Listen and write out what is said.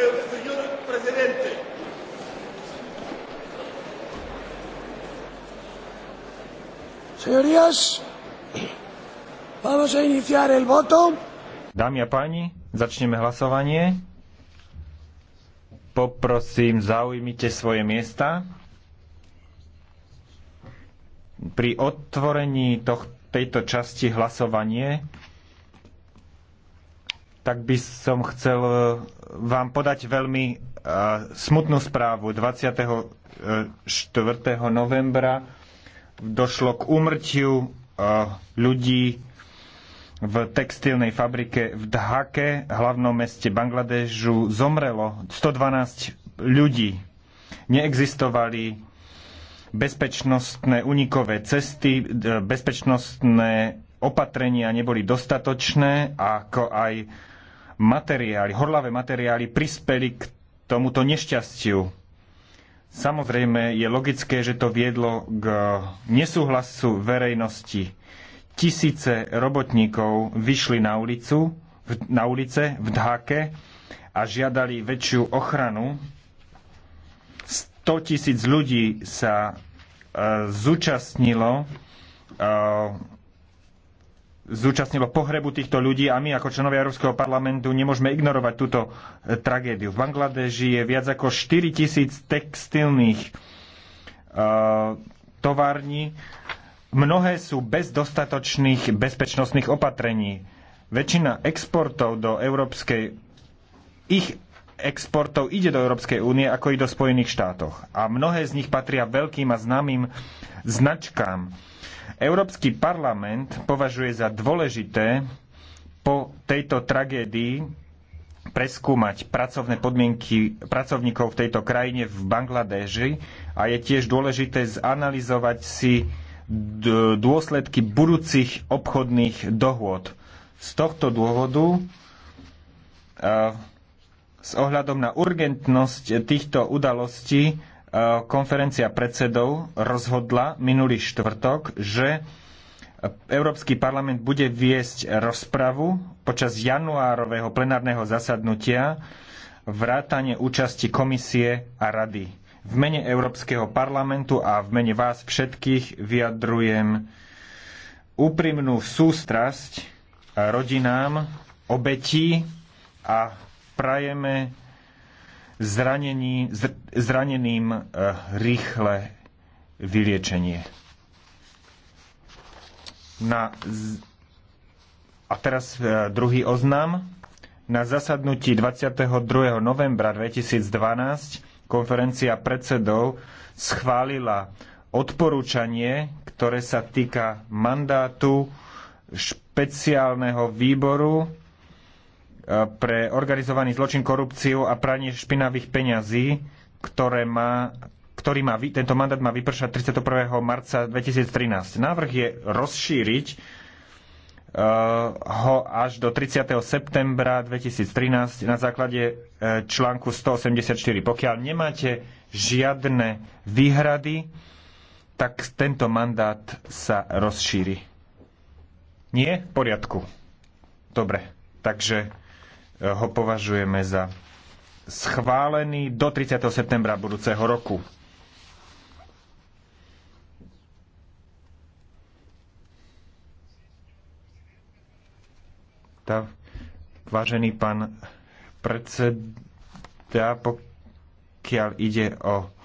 Señor presidente. Señorías, vamos a iniciar el voto. Dámy a páni, začneme hlasovanie. Poprosím, zaujmite svoje miesta. Pri otvorení toh- tejto časti hlasovanie tak by som chcel e, vám podať veľmi e, smutnú správu. 24. E, novembra došlo k úmrtiu ľudí v textilnej fabrike v Dhake, hlavnom meste Bangladežu, zomrelo 112 ľudí. Neexistovali bezpečnostné unikové cesty, bezpečnostné opatrenia neboli dostatočné, ako aj materiály, horlavé materiály prispeli k tomuto nešťastiu. Samozrejme je logické, že to viedlo k nesúhlasu verejnosti. Tisíce robotníkov vyšli na, ulicu, na ulice v Dháke a žiadali väčšiu ochranu. 100 tisíc ľudí sa e, zúčastnilo e, zúčastnilo pohrebu týchto ľudí a my ako členovia Európskeho parlamentu nemôžeme ignorovať túto e, tragédiu. V Bangladeži je viac ako 4 tisíc textilných uh, tovární. Mnohé sú bez dostatočných bezpečnostných opatrení. Väčšina exportov do Európskej ich exportov ide do Európskej únie ako i do Spojených štátoch. A mnohé z nich patria veľkým a známym značkám. Európsky parlament považuje za dôležité po tejto tragédii preskúmať pracovné podmienky pracovníkov v tejto krajine v Bangladeži a je tiež dôležité zanalizovať si dôsledky budúcich obchodných dohôd. Z tohto dôvodu uh, s ohľadom na urgentnosť týchto udalostí e, konferencia predsedov rozhodla minulý štvrtok, že Európsky parlament bude viesť rozpravu počas januárového plenárneho zasadnutia vrátane účasti komisie a rady. V mene Európskeho parlamentu a v mene vás všetkých vyjadrujem úprimnú sústrasť rodinám obetí a prajeme zranení, zraneným eh, rýchle vyliečenie. Na, a teraz eh, druhý oznam. Na zasadnutí 22. novembra 2012 konferencia predsedov schválila odporúčanie, ktoré sa týka mandátu špeciálneho výboru E, pre organizovaný zločin, korupciu a pranie špinavých peňazí, ktoré má ktorý má, tento mandát má vypršať 31. marca 2013. Návrh je rozšíriť e, ho až do 30. septembra 2013 na základe e, článku 184. Pokiaľ nemáte žiadne výhrady, tak tento mandát sa rozšíri. Nie? V poriadku. Dobre. Takže ho považujeme za schválený do 30. septembra budúceho roku. Tá, vážený pán predseda, pokiaľ ide o